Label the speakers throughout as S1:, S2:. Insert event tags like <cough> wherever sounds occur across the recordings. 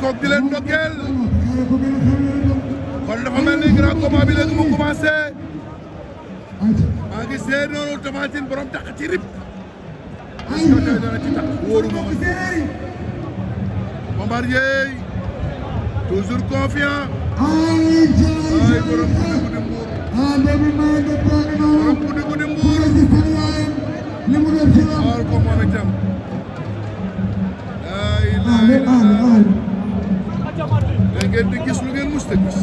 S1: koog di leen ndokkeel kon dafa mel ni grand combat bi léegi mu commencé maa ngi see noonu Tapha Tine borom ci rip est-ce que doy dara ci tax wóoru ma ko Bombardier toujours confiant ay borom guddi guddi mbuur borom guddi guddi mbuur ko moom itam ay laay da ngeen di gis lu ngeen musta gis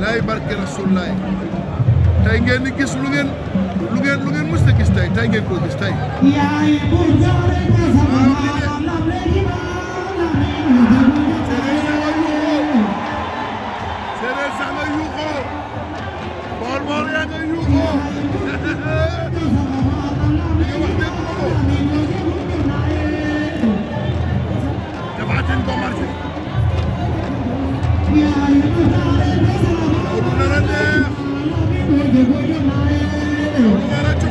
S1: laay barke Rasulullah tey ngeen di gis lu ngeen lu ngeen lu ngeen musta gis tey tey ngeen ko gis tey Thank you. <laughs> Thank you.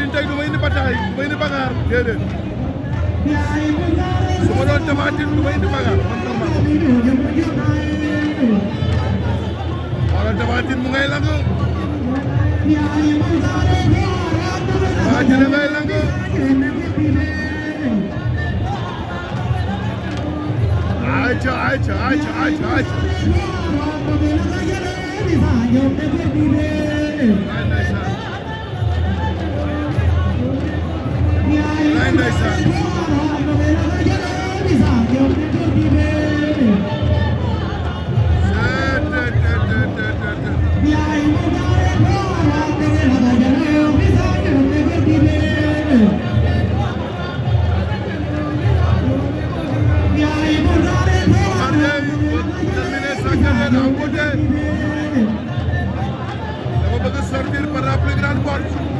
S1: Tine tey du ma indi bataay du ma indi bagaar déedéet su ma doon Tapha Tine du ma indi bagaar man normal wala Tapha Tine mu ngay lang Tapha Tine ngay lang ayca ayca ayca ayca ayca dafa bëgg a sortir par la plus grande porte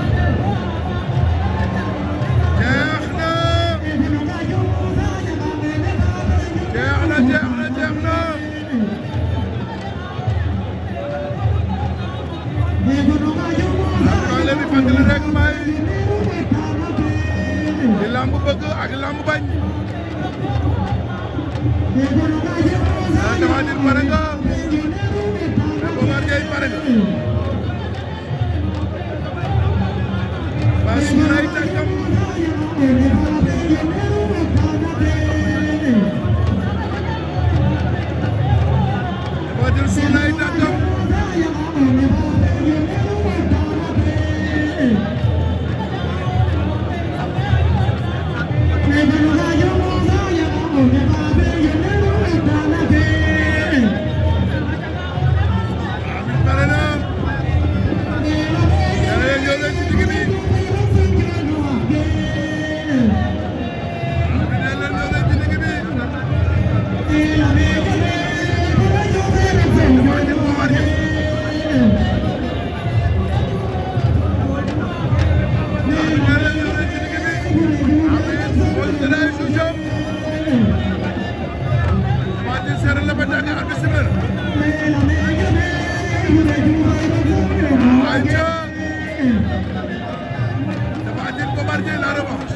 S1: Khadir pare nga Bombardier la revanche.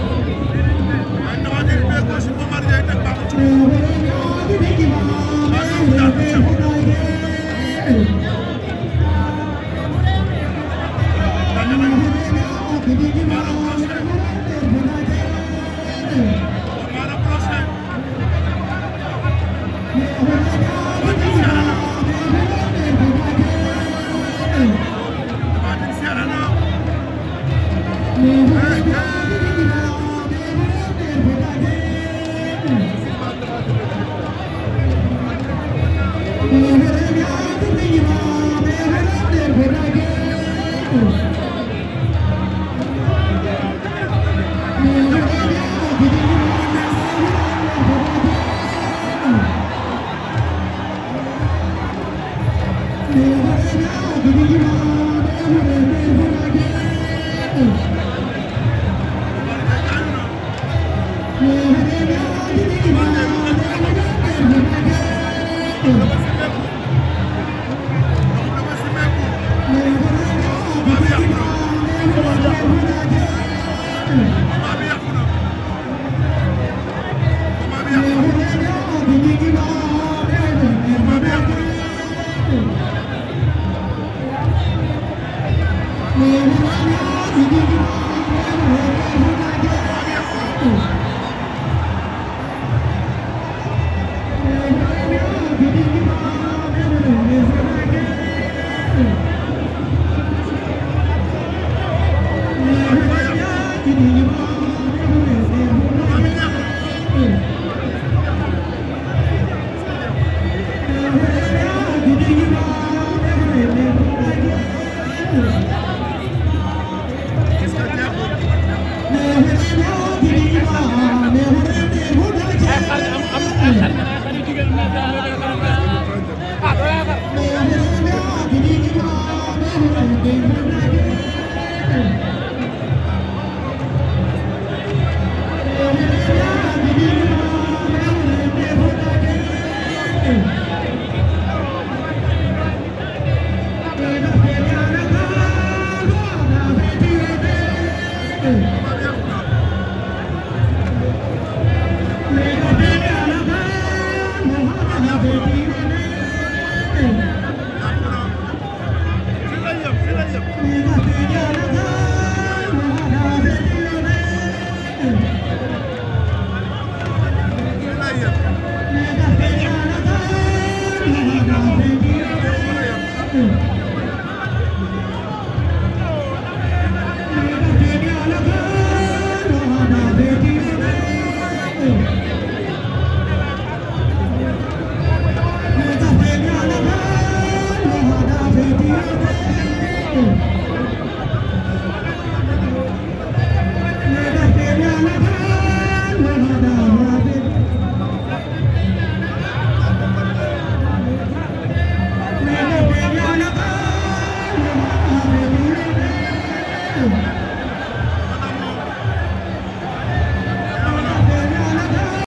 S1: Thank you.